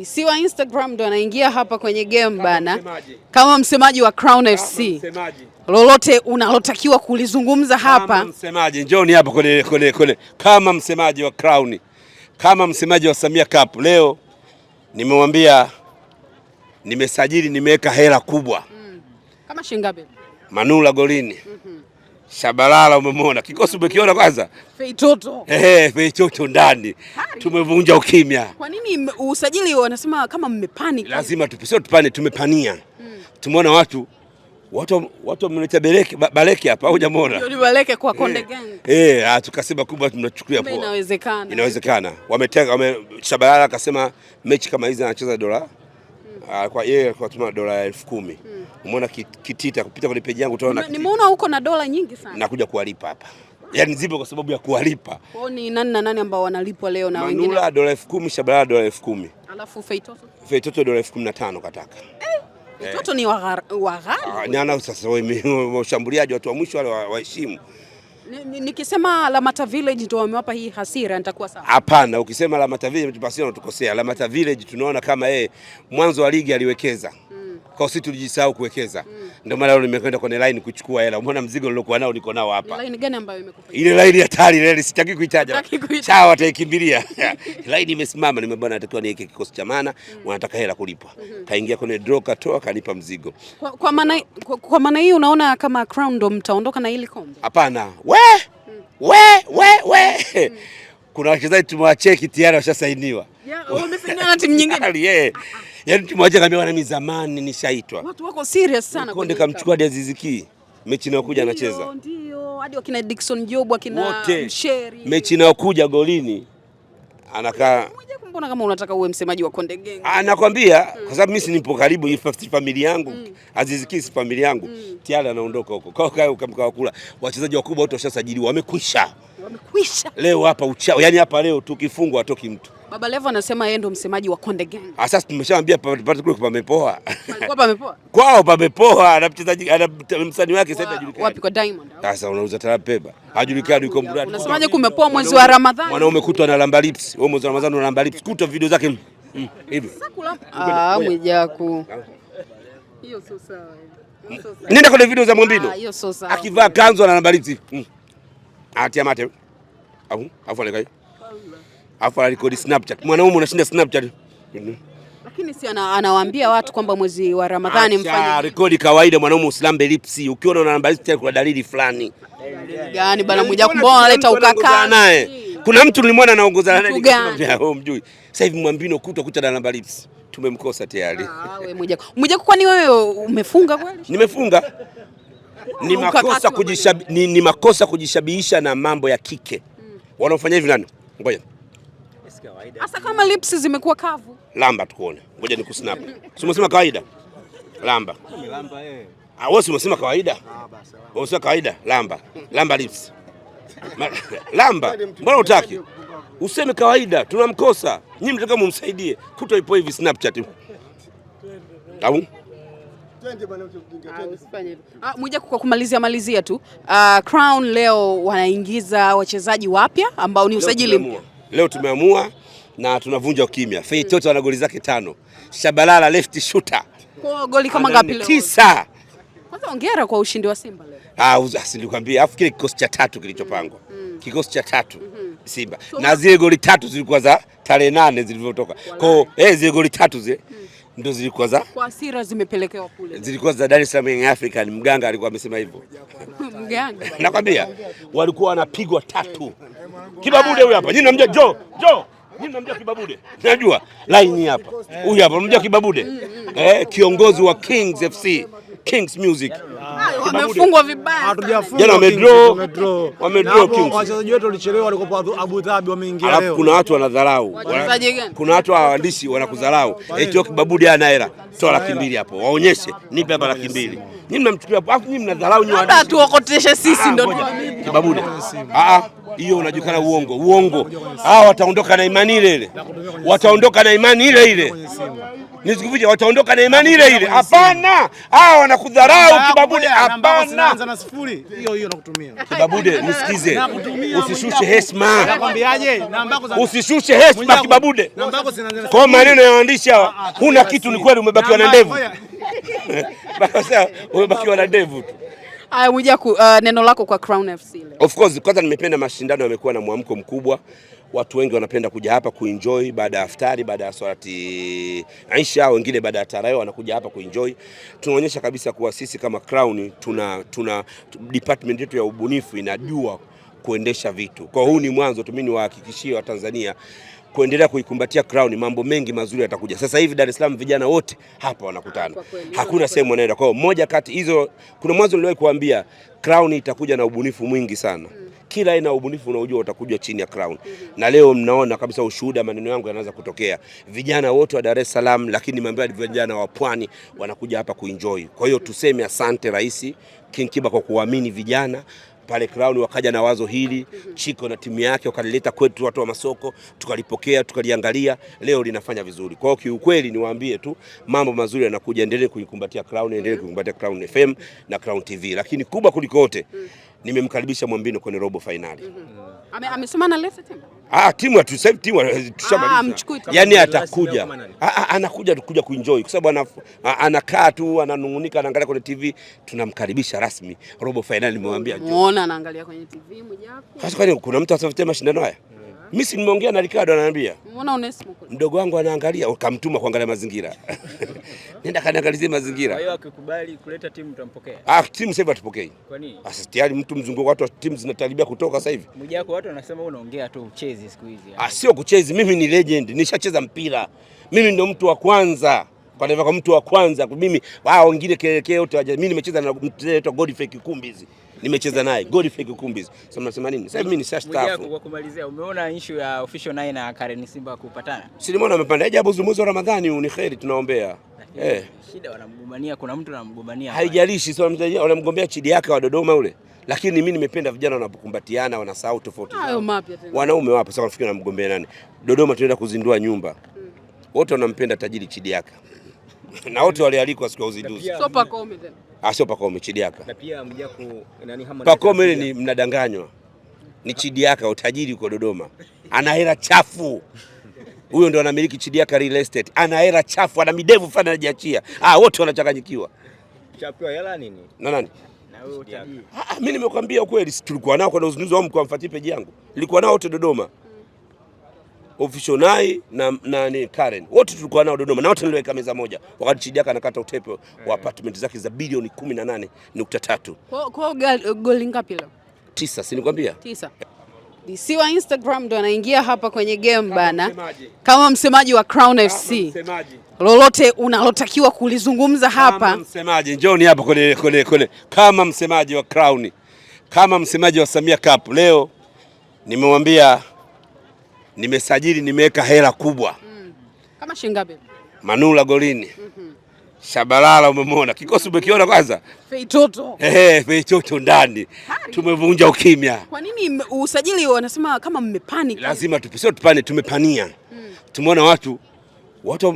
wapi? Si wa Instagram ndo anaingia hapa kwenye game bana, kama msemaji wa Crown FC, lolote unalotakiwa kulizungumza hapa kama msemaji, njoni hapa kule kule kule, kama msemaji wa Crown, kama msemaji wa Samia Cup. Leo nimemwambia, nimesajili, nimeweka hela kubwa mm. kama shilingi ngapi? Manula golini mm -hmm. Shabalala umemwona kikosi, umekiona kwanza. Feitoto ehe, feitoto ndani, tumevunja ukimya. Kwa nini usajili wanasema kama mmepani? Lazima tupisio tupane, tumepania hmm. Tumeona watu watu watu wameleta beleke baleke hapa, au jamona? ni baleke kwa Konde eh. Gang eh? Ah, tukasema kubwa, tunachukulia poa, inawezekana inawezekana. Wameteka wame, Shabalala akasema mechi kama hizi anacheza dola Ah, kwa yeye kwa tuma dola elfu kumi mm. Umeona kitita kupita kwenye peji yangu utaona nimeona huko na dola nyingi sana, nakuja kuwalipa hapa yaani zipo kwa sababu ya kuwalipa. Kwao ni nani na nani ambao wanalipwa leo na wengine? Manula dola elfu kumi, Shabalala dola elfu kumi. Alafu Feitoto. Feitoto dola elfu kumi na tano kataka. Eh, Feitoto ni Ah, Nyana sasa wewe mshambuliaji watu wa mwisho wale waheshimu. Nikisema Lamata Village ndio wamewapa hii hasira nitakuwa sawa? Hapana, ukisema Lamata Village basi unatukosea. Lamata Village tunaona kama yeye mwanzo wa ligi aliwekeza kwa sisi tulijisahau kuwekeza mm. Ndio maana leo nimekwenda kwenye line kuchukua hela. Umeona mzigo nilokuwa nao niko nao hapa. Line gani ambayo imekupa? Ile line ya tali ile, sitaki kuitaja. Sawa, wataikimbilia. Line imesimama, nimebana natakiwa niweke kikosi cha maana, mm. wanataka hela kulipwa. Mm -hmm. Kaingia kwenye draw katoa kanipa mzigo. Kwa, kwa maana kwa, kwa maana hii unaona kama Crown ndo mtaondoka na hili kombe? Hapana. We! Mm. We, we, we. Mm. Kuna wachezaji tumewacheki tayari washasainiwa. Yeah, wamesainiwa na timu nyingine. Yeah. Ah, ah. Yaani timu waje kaambia wana mimi zamani nishaitwa. Watu wako serious sana kwa nikamchukua Aziz Ki. Mechi inayokuja anacheza. Ndio, hadi wakina Dickson Job wakina Msheri. Mechi inayokuja golini anakaa Mbona kama unataka uwe msemaji wa Konde Gang? Anakwambia mm. Kwa sababu mimi si nipo karibu hii family yangu mm. Aziz Ki si family yangu mm. Tiara anaondoka huko. Kwa hiyo ukamkaa kula. wachezaji wakubwa wote washasajiliwa wamekwisha. Wamekwisha. Leo hapa uchao. Yaani hapa leo tukifungwa atoki mtu. Baba Levo anasema yeye ndo msemaji wa Konde Gang. Ah, sasa tumeshaambia pamepoa. Palikuwa pamepoa. Kwao pamepoa na mchezaji ana msanii wake sasa hajulikani. Wapi kwa Diamond? Sasa unauza tarapeba. Hajulikani yuko mradi. Unasemaje kumepoa mwezi wa Ramadhani? Mwanaume kutwa na lamba lips. Wewe mwezi wa Ramadhani una lamba lips. Kutwa video zake mm, hivi. Sasa ah, ah, Mwijaku. Hiyo sio sawa. Nenda kwenye video za Mwambino. Ah, hiyo sio sawa. Akivaa kanzu na lamba lips. Mm. Atia mate. Au, afu alikai afu anarekodi Snapchat. Mwanaume unashinda Snapchat. Lakini si anawaambia watu kwamba mwezi wa Ramadhani mfanye rekodi kawaida. Mwanaume Uislamu belipsi, ukiona una namba hizi kuna dalili fulani gani bana, yaani mmoja kumbona analeta ukaka naye. Kuna mtu nilimwona anaongoza naye nikamwambia wewe oh, mjui. Sasa hivi mwambino kuta kuta na namba lipsi. Tumemkosa tayari. Ah, wewe mmoja. Mmoja, kwani wewe umefunga kweli? Nimefunga. Ni makosa kujishabi, ni, ni makosa kujishabihisha na mambo ya kike. Hmm. Wanaofanya hivi nani? Ngoja kawaida. Hasa kama lips zimekuwa kavu. Lamba tukuone. Ngoja nikusnap. Si umesema kawaida? Lamba. lamba eh. Ah, wewe si umesema kawaida? Ah, basi. Wewe kawaida, lamba. Lamba lips. Lamba. Mbona utaki? Useme kawaida, tunamkosa. Nyinyi mtaka mumsaidie. Kuto ipo hivi Snapchat. Au? Ah, ah, Mwijaku, kwa kumalizia malizia tu, uh, Crown leo wanaingiza wachezaji wapya ambao ni usajili Leo tumeamua na tunavunja ukimya. Feitoto ana goli zake tano, Shabalala left shooter kwa goli kama ngapi leo? Tisa. Kwanza hongera kwa ushindi wa Simba leo. Ah, si nilikwambia, afu kile kikosi cha tatu kilichopangwa mm. kikosi cha tatu mm -hmm. Simba so, na zile goli tatu zilikuwa za tarehe nane zilivyotoka Kwa hiyo eh, zile goli tatu zile mm ndio zilikuwa za kwa hasira zimepelekewa kule, zilikuwa za Dar es Salaam Young African. Mganga alikuwa amesema hivyo, mganga nakwambia, walikuwa wanapigwa tatu mm. Kibabude huyu hapa. Nyinyi namjua Jo? Jo. Nyinyi namjua Kibabude? Najua. Line hapa. Huyu hapa namjua Kibabude? Mm, mm. Eh, kiongozi wa Kings FC, Kings Music. Ah, wamefungwa vibaya. Jana wamedraw, wamedraw Kings. Wachezaji wetu walichelewa, walikuwa Abu Dhabi, wameingia leo. Kuna watu wanadharau, kuna watu waandishi wanakudharau, eti Babudi ana hela, toa laki mbili hapo, waonyeshe, nipe hapa laki mbili. Nyinyi mnamchukulia hapo, afu nyinyi mnadharau nyinyi waandishi. Hata tuokoteshe sisi ah, ndio Babudi. Ah ah hiyo unajukana uongo uongo. Hawa wataondoka na imani ile ile, wataondoka na imani ile ile. Nisikufiche, wataondoka na imani ile ile. Hapana, hawa wanakudharau kibabude. Hapana kibabude, nisikize, usishushe heshima, usishushe heshima kibabude. Kwa maneno ya waandishi hawa, ah, ah, huna kitu. Ni kweli, umebakiwa na ndevu, umebakiwa na ndevu tu. Uja ku, uh, neno lako kwa Crown FC leo. Of course, kwanza nimependa mashindano yamekuwa na mwamko mkubwa. Watu wengi wanapenda kuja hapa kuenjoy baada ya iftari, baada ya swalati Aisha, wengine baada ya tarawih wanakuja hapa kuenjoy. Tunaonyesha kabisa kuwa sisi kama Crown tuna, tuna department yetu ya ubunifu inajua kuendesha vitu. Kwa huu ni mwanzo tu, mimi niwahakikishie Watanzania kuendelea kuikumbatia Crown, mambo mengi mazuri yatakuja. Sasa hivi Dar es Salaam vijana wote hapa wanakutana, hakuna sehemu wanaenda. Kwa hiyo moja kati hizo, kuna mwanzo niliwahi kuambia Crown itakuja na ubunifu mwingi sana mm. Kila aina ya ubunifu unaojua utakuja chini ya Crown mm -hmm. Na leo mnaona kabisa ushuhuda, maneno yangu yanaanza kutokea, vijana wote wa Dar es Salaam, lakini nimeambia vijana wa Pwani wanakuja hapa kuenjoy. Kwa hiyo tuseme asante Rais King Kiba kwa kuamini vijana pale Crown wakaja na wazo hili, Chiko na timu yake wakalileta kwetu watu wa masoko, tukalipokea tukaliangalia, leo linafanya vizuri. Kwa hiyo kiukweli niwaambie tu mambo mazuri yanakuja, endelee kuikumbatia Crown, endelee mm. kuikumbatia Crown FM na Crown TV, lakini kubwa kuliko wote mm. nimemkaribisha Mwambino kwenye robo finali mm-hmm. Amesoma na Lesi Simba Ah, timu ya tuseme timu tushamaliza. Ah, Yaani atakuja. Ah, ah, anakuja kuja kuenjoy kwa sababu anakaa tu ananungunika anaangalia kwenye TV, tunamkaribisha rasmi robo finali nimemwambia. Muona anaangalia kwenye TV mjapo. Sasa kwani kuna mtu atafutia mashindano haya? Hmm. Mimi si nimeongea na Ricardo ananiambia. Muona Onesimo. Mdogo wangu anaangalia ukamtuma kuangalia mazingira. nenda kaniangalizie mazingira. Kwa hiyo akikubali kuleta timu tutampokea. Ah, timu sasa hivi atupokei. Kwa nini? Sasa tayari mtu mzunguko, watu wa timu zinataribia kutoka sasa hivi. Mjako watu wanasema unaongea tu uchezi siku hizi. Ah, sio kuchezi, mimi ni legend, nishacheza mpira. Mimi ndio mtu wa kwanza kwa mtu wa kwanza mimi, wao wengine kelekeo yote, mimi nimecheza na mtu anaitwa Godfrey Kikumbi hizi nimecheza naye Godfrey Kikumbi. Sasa mnasema nini? Sasa mimi ni sasa staff. Kwa kumalizia, umeona issue ya official 9 na Karen Simba kupatana? Si nimeona amepanda. Aje hapo zumuzo Ramadhani, ni kheri tunaombea. Eh. Shida wanamgombania, kuna mtu anamgombania. Haijalishi sio wanamgombea chidi yake wa Dodoma ule. Lakini mimi nimependa vijana wanapokumbatiana wanasahau tofauti. Hayo mapya tena. Wanaume wapo sasa wanafikiri wanamgombea nani? Dodoma tunaenda kuzindua nyumba. Hmm. Wote wanampenda tajiri chidi yake. Na wote walialikwa siku ya uzinduzi. Sopa tena. Ah, sio Pakome, Chidiaka. Na pia Mwijaku nani hama Pakome ni mnadanganywa. Ni Chidiaka utajiri uko Dodoma. Ana hela chafu. Huyo ndo anamiliki Chidiaka Real Estate. Ana hela chafu, ana midevu fana anajiachia. Ah, wote wanachanganyikiwa. Chapewa hela nini? Na nani? Na wewe utajiri. Ah, ah mimi nimekwambia ukweli, tulikuwa nao kwa uzinduzi wa mkoa mfuatie peji yangu. Nilikuwa nao wote Dodoma. Ofishonai na, na ni Karen wote tulikuwa nao Dodoma na wote niliweka meza moja wakati Chijaka anakata utepe wa apartment zake za bilioni 18.3. Kwa kwa goli ngapi leo? Tisa, si nikwambia? Tisa. DC wa Instagram ndo anaingia hapa kwenye game bana, kama msemaji wa Crown FC msemaji. Lolote unalotakiwa kulizungumza hapa kama msemaji, njoni hapa kule kule kule. kama msemaji wa Crown, kama msemaji wa Samia Cup leo nimemwambia nimesajili, nimeweka hela kubwa mm. kama shilingi ngapi? Manula golini mm -hmm. Shabalala, umemwona kikosi, umekiona kwanza, feitoto Hey, feitoto ndani, tumevunja ukimya. Kwa nini usajili wanasema kama mmepani? Lazima tupisio tupane, tumepania mm. Tumeona watu watu